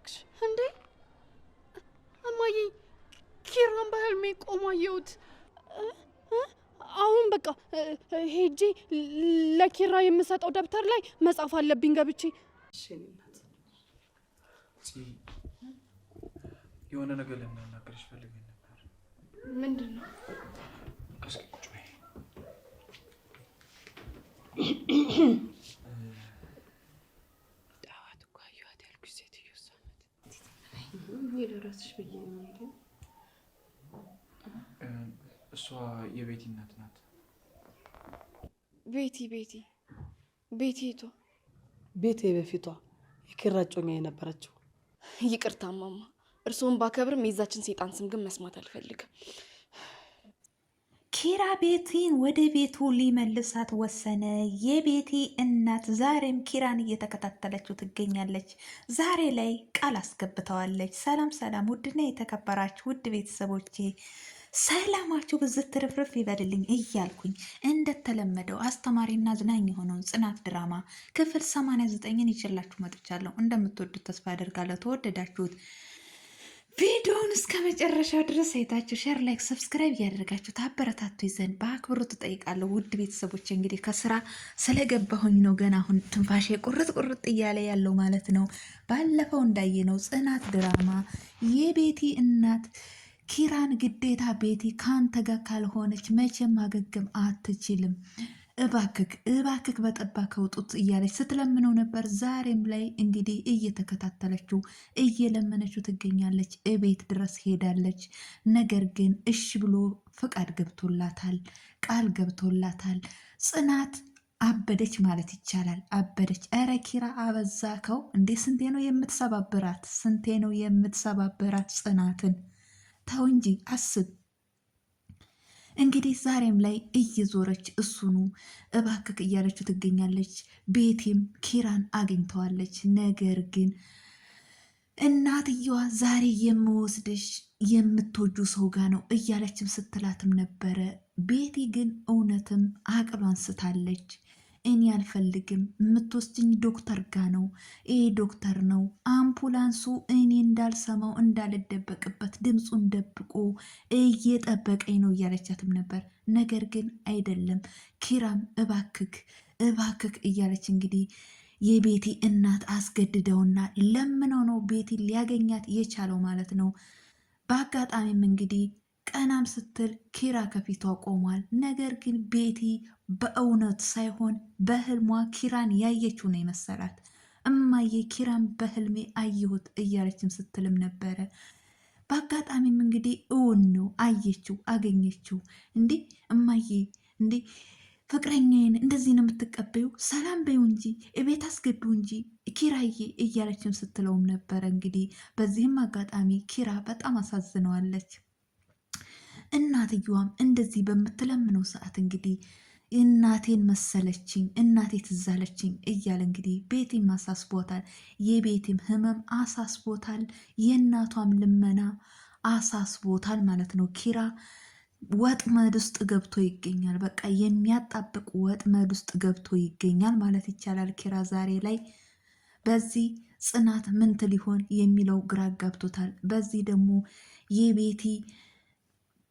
እባክሽ። እንዴ እማዬ፣ ኪራን በህልሜ ቆሞ አየሁት። አሁን በቃ ሄጄ ለኪራ የምሰጠው ደብተር ላይ መጻፍ አለብኝ ገብቼ። የሆነ ነገር ልናናገርሽ ፈልገን ነበር። ምንድን ነው? ቀስ ቁጭ የደረስሽ ብዬ ነው። እሷ የቤቲ እናት ናት። ቤቲ ቤቲ ቤቲቷ ቤቴ በፊቷ የኪራ የነበረችው። ይቅርታ ማማ፣ እርስዎን ባከብርም የዛችን ሴጣን ስም ግን መስማት አልፈልግም። ኪራ ቤቲን ወደ ቤቱ ሊመልሳት ወሰነ። የቤቲ እናት ዛሬም ኪራን እየተከታተለችው ትገኛለች። ዛሬ ላይ ቃል አስገብተዋለች። ሰላም ሰላም! ውድና የተከበራችሁ ውድ ቤተሰቦቼ ሰላማችሁ ብዝት ርፍርፍ ይበልልኝ እያልኩኝ እንደተለመደው አስተማሪና አዝናኝ የሆነውን ጽናት ድራማ ክፍል 89ን ይችላችሁ መጥቻለሁ። እንደምትወዱት ተስፋ አደርጋለሁ። ተወደዳችሁት ቪዲዮውን እስከ መጨረሻው ድረስ አይታችሁ ሼር፣ ላይክ፣ ሰብስክራይብ እያደረጋችሁ ታበረታቱ ይዘን በአክብሮት እጠይቃለሁ። ውድ ቤተሰቦች እንግዲህ ከስራ ስለገባሁኝ ነው ገና አሁን ትንፋሼ ቁርጥ ቁርጥ እያለ ያለው ማለት ነው። ባለፈው እንዳየነው ጽናት ድራማ የቤቲ እናት ኪራን ግዴታ ቤቲ ካንተ ጋር ካልሆነች መቼም ማገገም አትችልም እባክክ እባክክ በጠባከው ጡት እያለች ስትለምነው ነበር። ዛሬም ላይ እንግዲህ እየተከታተለችው እየለመነችው ትገኛለች። እቤት ድረስ ሄዳለች። ነገር ግን እሽ ብሎ ፍቃድ ገብቶላታል፣ ቃል ገብቶላታል። ጽናት አበደች ማለት ይቻላል። አበደች። ኧረ ኪራ አበዛከው እንዴ! ስንቴ ነው የምትሰባብራት? ስንቴ ነው የምትሰባብራት ጽናትን? ተው እንጂ አስብ። እንግዲህ ዛሬም ላይ እየዞረች እሱኑ እባክክ እያለችው ትገኛለች። ቤቲም ኪራን አግኝተዋለች። ነገር ግን እናትየዋ ዛሬ የምወስድሽ የምትወጁ ሰው ጋ ነው እያለችም ስትላትም ነበረ። ቤቲ ግን እውነትም አቅሏን ስታለች። እኔ አልፈልግም፣ የምትወስድኝ ዶክተር ጋ ነው፣ ይ ዶክተር ነው። አምፑላንሱ እኔ እንዳልሰማው እንዳልደበቅበት ድምፁን ደብቆ እየጠበቀኝ ነው እያለቻትም ነበር። ነገር ግን አይደለም ኪራም እባክክ እባክክ እያለች እንግዲህ የቤቲ እናት አስገድደውና ለምነው ነው ቤቲ ሊያገኛት የቻለው ማለት ነው። በአጋጣሚም እንግዲህ ቀናም ስትል ኪራ ከፊቷ ቆሟል። ነገር ግን ቤቲ በእውነት ሳይሆን በህልሟ ኪራን ያየችው ነው የመሰላት። እማዬ ኪራን በህልሜ አየሁት እያለችም ስትልም ነበረ። በአጋጣሚም እንግዲህ እውን ነው አየችው፣ አገኘችው። እንዴ እማዬ፣ እንዴ ፍቅረኛዬን እንደዚህ ነው የምትቀበዩ? ሰላም በዩ እንጂ እቤት አስገቢው እንጂ ኪራዬ እያለችም ስትለውም ነበረ። እንግዲህ በዚህም አጋጣሚ ኪራ በጣም አሳዝነዋለች። እናትየዋም እንደዚህ በምትለምነው ሰዓት እንግዲህ እናቴን መሰለችኝ እናቴ ትዛለችኝ እያለ እንግዲህ ቤቴም አሳስቦታል። የቤቴም ህመም አሳስቦታል። የእናቷም ልመና አሳስቦታል ማለት ነው። ኪራ ወጥመድ ውስጥ ገብቶ ይገኛል። በቃ የሚያጣብቅ ወጥመድ ውስጥ ገብቶ ይገኛል ማለት ይቻላል። ኪራ ዛሬ ላይ በዚህ ጽናት ምንት ሊሆን የሚለው ግራ ገብቶታል። በዚህ ደግሞ የቤቴ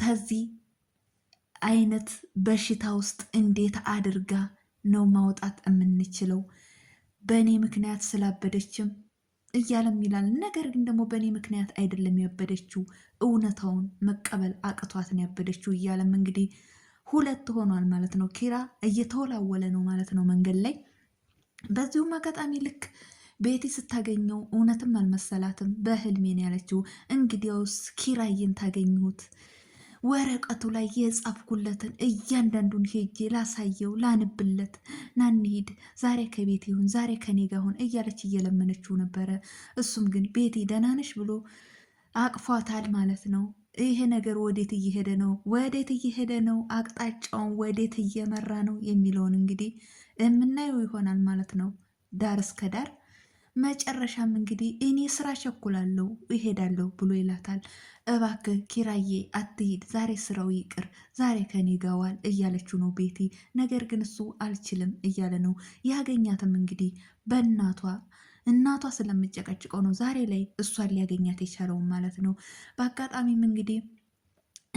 ከዚህ አይነት በሽታ ውስጥ እንዴት አድርጋ ነው ማውጣት የምንችለው? በእኔ ምክንያት ስላበደችም እያለም ይላል። ነገር ግን ደግሞ በእኔ ምክንያት አይደለም ያበደችው፣ እውነታውን መቀበል አቅቷት ነው ያበደችው እያለም እንግዲህ ሁለት ሆኗል ማለት ነው። ኪራ እየተወላወለ ነው ማለት ነው መንገድ ላይ። በዚሁም አጋጣሚ ልክ ቤቲ ስታገኘው እውነትም አልመሰላትም፣ በህልሜን ያለችው እንግዲያውስ ኪራዬን ታገኘሁት ወረቀቱ ላይ የጻፍኩለትን እያንዳንዱን ሄጄ ላሳየው ላንብለት፣ ናንሂድ፣ ዛሬ ከቤት ይሁን፣ ዛሬ ከኔ ጋር ሁን እያለች እየለመነችው ነበረ። እሱም ግን ቤቴ ደህና ነሽ ብሎ አቅፏታል ማለት ነው። ይሄ ነገር ወዴት እየሄደ ነው? ወዴት እየሄደ ነው? አቅጣጫውን ወዴት እየመራ ነው የሚለውን እንግዲህ የምናየው ይሆናል ማለት ነው ዳር እስከ ዳር መጨረሻም እንግዲህ እኔ ስራ ቸኩላለሁ ይሄዳለሁ ብሎ ይላታል። እባክህ ኪራዬ አትሂድ፣ ዛሬ ስራው ይቅር፣ ዛሬ ከኔ ጋዋል እያለች እያለችው ነው ቤቲ። ነገር ግን እሱ አልችልም እያለ ነው ያገኛትም እንግዲህ በእናቷ እናቷ ስለምጨቀጭቀው ነው ዛሬ ላይ እሷን ሊያገኛት የቻለውን ማለት ነው። በአጋጣሚም እንግዲህ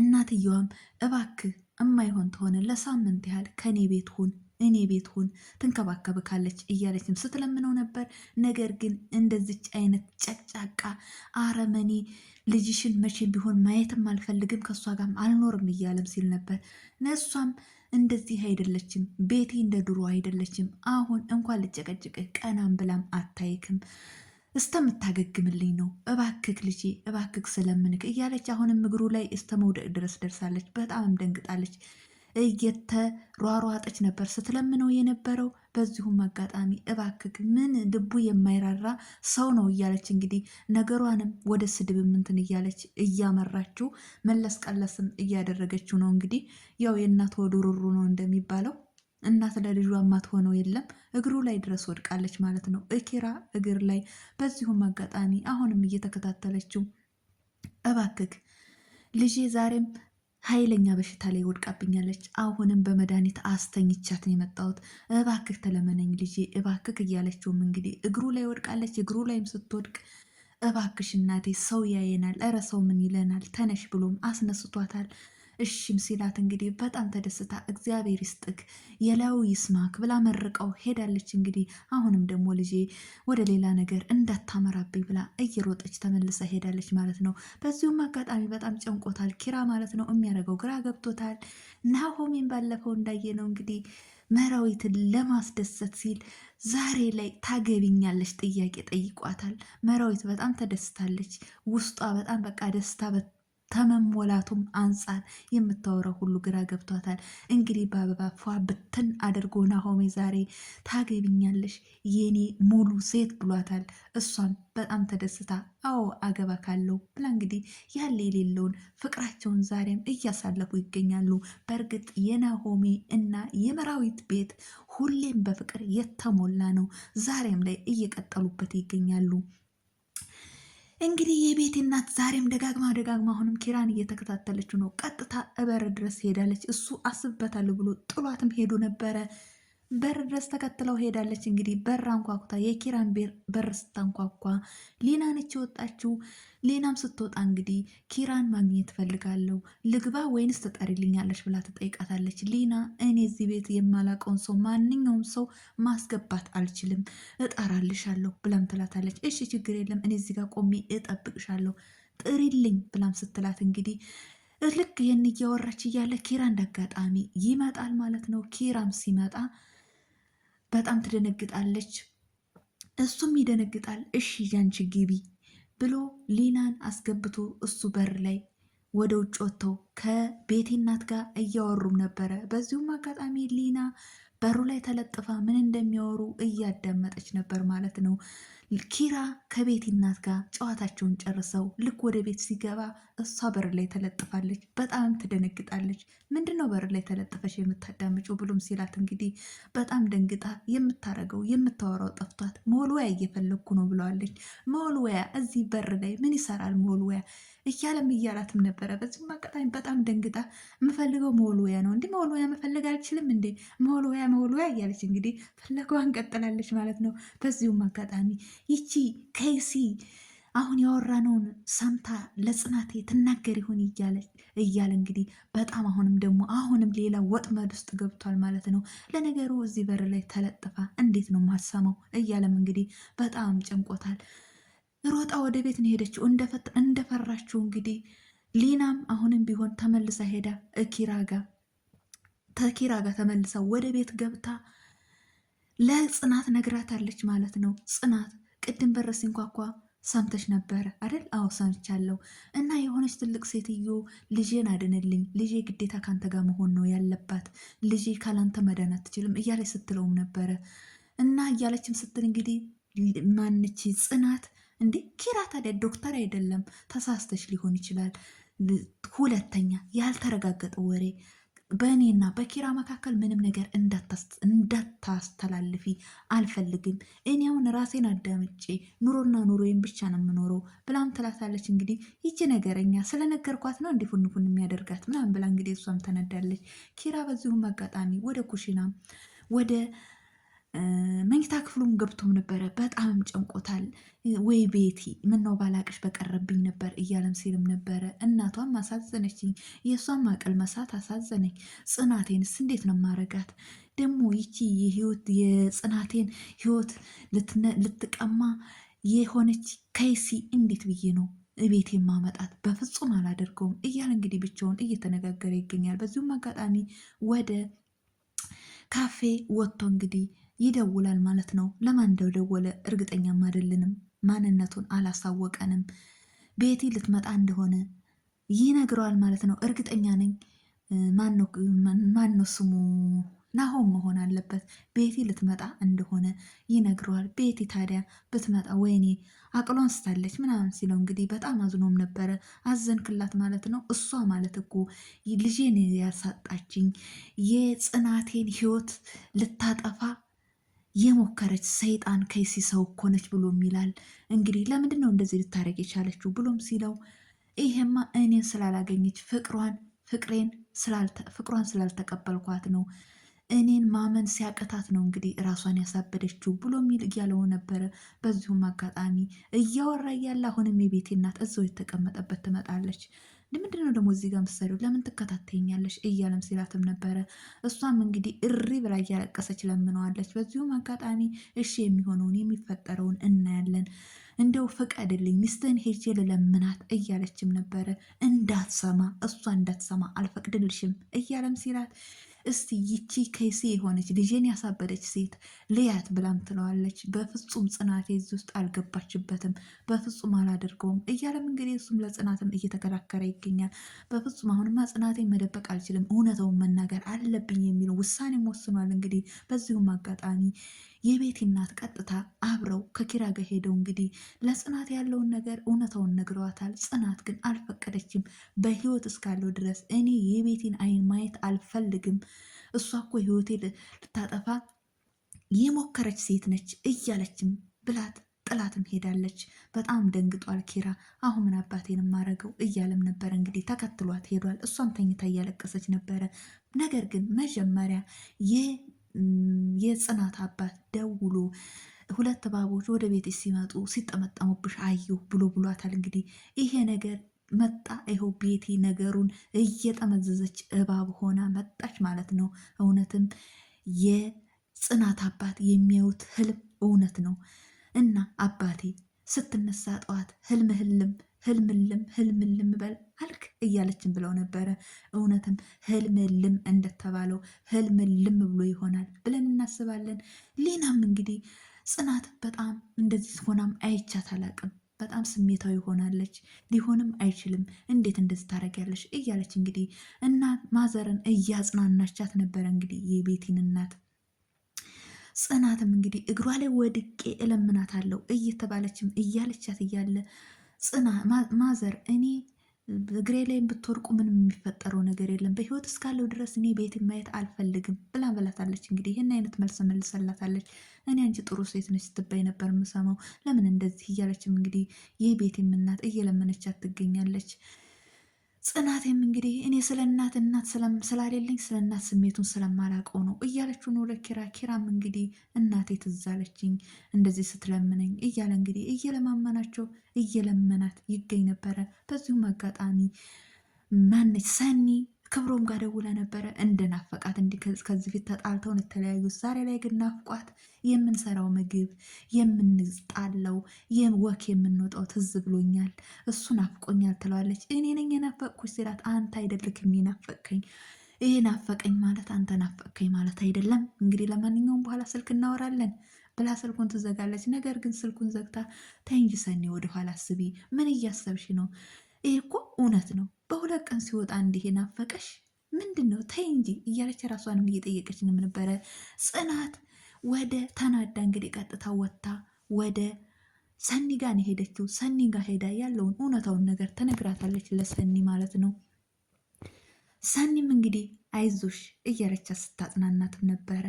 እናትየዋም እባክህ እማይሆን ተሆነ ለሳምንት ያህል ከኔ ቤት ሁን እኔ ቤት ሁን ትንከባከብካለች እያለችም ስትለምነው ነበር። ነገር ግን እንደዚች አይነት ጨቅጫቃ አረመኔ ልጅሽን መቼም ቢሆን ማየትም አልፈልግም ከእሷ ጋርም አልኖርም እያለም ሲል ነበር። ነሷም እንደዚህ አይደለችም፣ ቤቴ እንደ ድሮ አይደለችም። አሁን እንኳን ልጨቀጭቅ ቀናም ብላም አታይክም እስተምታገግምልኝ ነው እባክክ ልጄ እባክክ ስለምንክ እያለች አሁንም እግሩ ላይ እስተ መውደቅ ድረስ ደርሳለች። በጣምም ደንግጣለች። እየተሯሯጠች ነበር ስትለምነው የነበረው። በዚሁም አጋጣሚ እባክክ ምን ልቡ የማይራራ ሰው ነው እያለች እንግዲህ ነገሯንም ወደ ስድብ ምንትን እያለች እያመራችው መለስ ቀለስም እያደረገችው ነው። እንግዲህ ያው የእናት ወደ ሩሩ ነው እንደሚባለው እናት አማት ሆነው የለም። እግሩ ላይ ድረስ ወድቃለች ማለት ነው፣ እኪራ እግር ላይ። በዚሁም አጋጣሚ አሁንም እየተከታተለችው እባክክ ልጄ ዛሬም ኃይለኛ በሽታ ላይ ወድቃብኛለች። አሁንም በመድኃኒት አስተኝቻት ነው የመጣሁት። እባክህ ተለመነኝ ልጄ እባክህ እያለችውም እንግዲህ እግሩ ላይ ወድቃለች። እግሩ ላይም ስትወድቅ እባክሽ እናቴ ሰው ያየናል፣ እረ ሰው ምን ይለናል? ተነሽ ብሎም አስነስቷታል። እሺም ሲላት እንግዲህ በጣም ተደስታ እግዚአብሔር ይስጥክ የላዩ ይስማክ ብላ መርቀው ሄዳለች። እንግዲህ አሁንም ደግሞ ልጄ ወደ ሌላ ነገር እንዳታመራብኝ ብላ እየሮጠች ተመልሳ ሄዳለች ማለት ነው። በዚሁም አጋጣሚ በጣም ጨንቆታል ኪራ ማለት ነው። የሚያደርገው ግራ ገብቶታል። ናሆሜን ባለፈው እንዳየ ነው እንግዲህ መራዊትን ለማስደሰት ሲል ዛሬ ላይ ታገቢኛለች ጥያቄ ጠይቋታል። መራዊት በጣም ተደስታለች። ውስጧ በጣም በቃ ደስታ ተመሞላቱም አንጻር የምታወራው ሁሉ ግራ ገብቷታል። እንግዲህ በአበባ ፏ ብትን አድርጎ ናሆሜ ዛሬ ታገቢኛለሽ የኔ ሙሉ ሴት ብሏታል። እሷም በጣም ተደስታ አዎ አገባ ካለው ብላ እንግዲህ ያለ የሌለውን ፍቅራቸውን ዛሬም እያሳለፉ ይገኛሉ። በእርግጥ የናሆሜ እና የመራዊት ቤት ሁሌም በፍቅር የተሞላ ነው። ዛሬም ላይ እየቀጠሉበት ይገኛሉ። እንግዲህ የቤቲ እናት ዛሬም ደጋግማ ደጋግማ አሁንም ኪራን እየተከታተለችው ነው። ቀጥታ እበር ድረስ ሄዳለች። እሱ አስብበታለሁ ብሎ ጥሏትም ሄዶ ነበረ። በር ድረስ ተከትለው ሄዳለች። እንግዲህ በር አንኳኩታ የኪራን በር ስታንኳኳ ሊና ነች የወጣችው። ሌናም ስትወጣ እንግዲህ ኪራን ማግኘት ፈልጋለሁ ልግባ ወይንስ ትጠሪልኛለች ብላ ትጠይቃታለች። ሌና እኔ እዚህ ቤት የማላቀውን ሰው ማንኛውም ሰው ማስገባት አልችልም፣ እጠራልሻለሁ ብላም ትላታለች። እሺ ችግር የለም እኔ እዚህ ጋር ቆሜ እጠብቅሻለሁ ጥሪልኝ ብላም ስትላት እንግዲህ ልክ ይህን እያወራች እያለ ኪራ እንዳጋጣሚ ይመጣል ማለት ነው። ኪራም ሲመጣ በጣም ትደነግጣለች። እሱም ይደነግጣል። እሺ ያንቺ ግቢ ብሎ ሊናን አስገብቶ እሱ በር ላይ ወደ ውጭ ወጥተው ከቤቴ እናት ጋር እያወሩም ነበረ። በዚሁም አጋጣሚ ሊና በሩ ላይ ተለጥፋ ምን እንደሚያወሩ እያዳመጠች ነበር ማለት ነው። ኪራ ከቤቲ እናት ጋር ጨዋታቸውን ጨርሰው ልክ ወደ ቤት ሲገባ እሷ በር ላይ ተለጥፋለች። በጣም ትደነግጣለች። ምንድን ነው በር ላይ ተለጥፈች የምታዳምጪው ብሎም ሲላት እንግዲህ በጣም ደንግጣ የምታረገው የምታወራው ጠፍቷት መወልወያ እየፈለግኩ ነው ብለዋለች። መወልወያ እዚህ በር ላይ ምን ይሰራል መወልወያ እያለም እያላትም ነበረ። በዚህም አጋጣሚ በጣም ደንግጣ የምፈልገው መወልወያ ነው እንዲህ መወልወያ መፈለግ አልችልም እንዴ መወልወያ መወልወያ እያለች እንግዲህ ፈለገዋን ቀጥላለች ማለት ነው። በዚሁም አጋጣሚ ይቺ ከይሲ አሁን ያወራነውን ሰምታ ለጽናቴ ትናገር ይሆን እያለች እያለ እንግዲህ በጣም አሁንም ደግሞ አሁንም ሌላ ወጥመድ ውስጥ ገብቷል ማለት ነው። ለነገሩ እዚህ በር ላይ ተለጥፋ እንዴት ነው ማሰማው እያለም እንግዲህ በጣም ጨንቆታል። ሮጣ ወደ ቤት ነው ሄደችው እንደፈራችው እንግዲህ ሊናም አሁንም ቢሆን ተመልሳ ሄዳ ኪራጋ ተኪራጋ ተመልሳ ወደ ቤት ገብታ ለጽናት ነግራታለች ማለት ነው ጽናት ቅድም በር ሲንኳኳ ሰምተሽ ነበር አይደል? አዎ ሰምቻለሁ። እና የሆነች ትልቅ ሴትዮ ልጄን አድንልኝ፣ ልጄ ግዴታ ካንተ ጋር መሆን ነው ያለባት፣ ልጄ ካላንተ መዳን አትችልም እያለች ስትለውም ነበረ። እና እያለችም ስትል እንግዲህ ማንች ጽናት እንዴ ኪራ ታዲያ ዶክተር አይደለም? ተሳስተሽ ሊሆን ይችላል። ሁለተኛ ያልተረጋገጠ ወሬ በእኔና በኪራ መካከል ምንም ነገር እንዳታስተላልፊ አልፈልግም። እኔ አሁን ራሴን አዳምጬ ኑሮና ኑሮዬን ብቻ ነው የምኖረው ብላም ትላታለች። እንግዲህ ይቺ ነገረኛ ስለነገርኳት ነው እንዲህ ፉንፉን የሚያደርጋት ምናምን ብላ እንግዲህ እሷም ተነዳለች። ኪራ በዚሁም አጋጣሚ ወደ ኩሽና ወደ መኝታ ክፍሉም ገብቶም ነበረ። በጣምም ጨንቆታል። ወይ ቤቲ ምነው ባላቅሽ በቀረብኝ ነበር እያለም ሲልም ነበረ። እናቷም አሳዘነችኝ፣ የእሷም አቅል መሳት አሳዘነኝ። ጽናቴንስ እንዴት ነው ማረጋት? ደግሞ ይቺ የህይወት የጽናቴን ህይወት ልትቀማ የሆነች ከይሲ እንዴት ብዬ ነው ቤት የማመጣት በፍጹም አላደርገውም እያለ እንግዲህ ብቻውን እየተነጋገረ ይገኛል። በዚሁም አጋጣሚ ወደ ካፌ ወጥቶ እንግዲህ ይደውላል ማለት ነው። ለማን እንደደወለ እርግጠኛም አይደለንም። ማንነቱን አላሳወቀንም። ቤቲ ልትመጣ እንደሆነ ይነግረዋል ማለት ነው። እርግጠኛ ነኝ። ማነው ስሙ ናሆም መሆን አለበት። ቤቲ ልትመጣ እንደሆነ ይነግረዋል። ቤቲ ታዲያ ብትመጣ ወይኔ አቅሎ ስታለች ምናምን ሲለው እንግዲህ በጣም አዝኖም ነበረ። አዘንክላት ማለት ነው። እሷ ማለት እኮ ልጄን ያሳጣችኝ የጽናቴን ህይወት ልታጠፋ የሞከረች ሰይጣን ከይሲ ሰው እኮ ነች ብሎም ይላል። እንግዲህ ለምንድን ነው እንደዚህ ልታደርግ የቻለችው ብሎም ሲለው ይሄማ እኔን ስላላገኘች ፍቅሯን ፍቅሬን ፍቅሯን ስላልተቀበልኳት ነው እኔን ማመን ሲያቅታት ነው እንግዲህ እራሷን ያሳበደችው ብሎ ሚል እያለው ነበረ። በዚሁም አጋጣሚ እያወራ እያለ አሁንም የቤቴ እናት እዛው የተቀመጠበት ትመጣለች። ለምንድን ነው ደግሞ እዚህ ጋር ምሰሪው? ለምን ትከታተኛለች? እያለም ሲላትም ነበረ። እሷም እንግዲህ እሪ ብላ እያለቀሰች ለምነዋለች። በዚሁም አጋጣሚ እሺ የሚሆነውን የሚፈጠረውን እናያለን፣ እንደው ፈቀድልኝ፣ ሚስትህን ሄጄ ልለምናት እያለችም ነበረ። እንዳትሰማ እሷ እንዳትሰማ አልፈቅድልሽም እያለም ሲላት እስቲ ይቺ ከይሲ የሆነች ልጄን ያሳበደች ሴት ልያት ብላም ትለዋለች። በፍጹም ጽናቴ እዚህ ውስጥ አልገባችበትም፣ በፍጹም አላደርገውም እያለም እንግዲህ እሱም ለጽናትም እየተከራከረ ይገኛል። በፍጹም አሁንማ ጽናቴን መደበቅ አልችልም፣ እውነተውን መናገር አለብኝ የሚል ውሳኔም ወስኗል። እንግዲህ በዚሁም አጋጣሚ የቤቲ እናት ቀጥታ አብረው ከኪራ ጋር ሄደው እንግዲህ ለጽናት ያለውን ነገር እውነታውን ነግረዋታል። ጽናት ግን አልፈቀደችም። በህይወት እስካለው ድረስ እኔ የቤቲን አይን ማየት አልፈልግም፣ እሷ እኮ ህይወቴ ልታጠፋ የሞከረች ሴት ነች እያለችም ብላት ጥላትም ሄዳለች። በጣም ደንግጧል ኪራ። አሁን ምን አባቴን ማረገው እያለም ነበረ እንግዲህ ተከትሏት ሄዷል። እሷም ተኝታ እያለቀሰች ነበረ። ነገር ግን መጀመሪያ የጽናት አባት ደውሎ ሁለት እባቦች ወደ ቤት ሲመጡ ሲጠመጠሙብሽ አየሁ ብሎ ብሏታል። እንግዲህ ይሄ ነገር መጣ። ይኸው ቤቲ ነገሩን እየጠመዘዘች እባብ ሆና መጣች ማለት ነው። እውነትም የጽናት አባት የሚያዩት ህልም እውነት ነው እና አባቴ ስትነሳ ጠዋት ህልምህልም ህልምልም ህልምልም በል አልክ እያለችን ብለው ነበረ። እውነትም ህልምልም እንደተባለው ህልምልም ብሎ ይሆናል ብለን እናስባለን። ሊናም እንግዲህ ጽናት በጣም እንደዚህ ሆናም አይቻት አላቅም። በጣም ስሜታዊ ሆናለች። ሊሆንም አይችልም እንዴት እንደዚህ ታደርጊያለሽ? እያለች እንግዲህ እና ማዘርን እያጽናናቻት ነበረ እንግዲህ የቤቲን እናት ጽናትም እንግዲህ እግሯ ላይ ወድቄ እለምናታለሁ እየተባለችም እያለቻት እያለ ጽና ማዘር እኔ እግሬ ላይ ብትወርቁ ምንም የሚፈጠረው ነገር የለም፣ በህይወት እስካለው ድረስ እኔ ቤት ማየት አልፈልግም ብላ በላታለች። እንግዲህ ይህን አይነት መልስ መልሰላታለች። እኔ አንቺ ጥሩ ሴት ነች ስትባይ ነበር የምሰማው፣ ለምን እንደዚህ እያለችም እንግዲህ ይህ ቤት የምናት እየለመነቻት ትገኛለች። ጽናቴም እንግዲህ እኔ ስለ እናት እናት ስላሌለኝ ስለ እናት ስሜቱን ስለማላቀው ነው እያለችው ነው ለኪራ። ኪራም እንግዲህ እናቴ ትዝ እንደዚህ ስትለምነኝ እያለ እንግዲህ እየለማመናቸው እየለመናት ይገኝ ነበረ። በዚሁም አጋጣሚ ማነች ሰኒ ክብሮም ጋር ደውላ ነበረ እንደናፈቃት እንዲህ ከዚህ ፊት ተጣልተውን የተለያዩ ዛሬ ላይ ግን ናፍቋት የምንሰራው ምግብ የምንጣለው ወክ የምንወጣው ትዝ ብሎኛል፣ እሱ ናፍቆኛል ትለዋለች። እኔ ነኝ የናፈቅኩሽ ሲላት አንተ አይደልክም የናፈቅከኝ ይሄ ናፈቀኝ ማለት አንተ ናፈቀኝ ማለት አይደለም። እንግዲህ ለማንኛውም በኋላ ስልክ እናወራለን ብላ ስልኩን ትዘጋለች። ነገር ግን ስልኩን ዘግታ ተንጅ ሰኔ ወደኋላ አስቢ፣ ምን እያሰብሽ ነው? ይሄ እኮ እውነት ነው በሁለት ቀን ሲወጣ እንዲህ የናፈቀሽ ምንድን ነው? ተይ እንጂ እያለች ራሷንም እየጠየቀችንም ነበረ። ጽናት ወደ ተናዳ እንግዲህ ቀጥታ ወጥታ ወደ ሰኒ ጋር ነው ሄደችው። ሰኒ ጋር ሄዳ ያለውን እውነታውን ነገር ተነግራታለች፣ ለሰኒ ማለት ነው። ሰኒም እንግዲህ አይዞሽ እያለቻት ስታጽናናትም ነበረ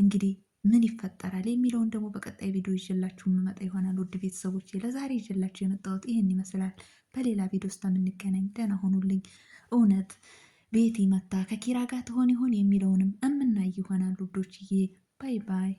እንግዲህ ምን ይፈጠራል የሚለውን ደግሞ በቀጣይ ቪዲዮ ይዤላችሁ የምመጣ ይሆናል። ውድ ቤተሰቦች ለዛሬ ይዤላችሁ የመጣሁት ይህን ይመስላል። በሌላ ቪዲዮ ውስጥ የምንገናኝ ደህና ሆኑልኝ። እውነት ቤቲ መታ ከኪራ ጋር ትሆን ይሆን የሚለውንም እምናይ ይሆናል። ውዶችዬ ባይ ባይ።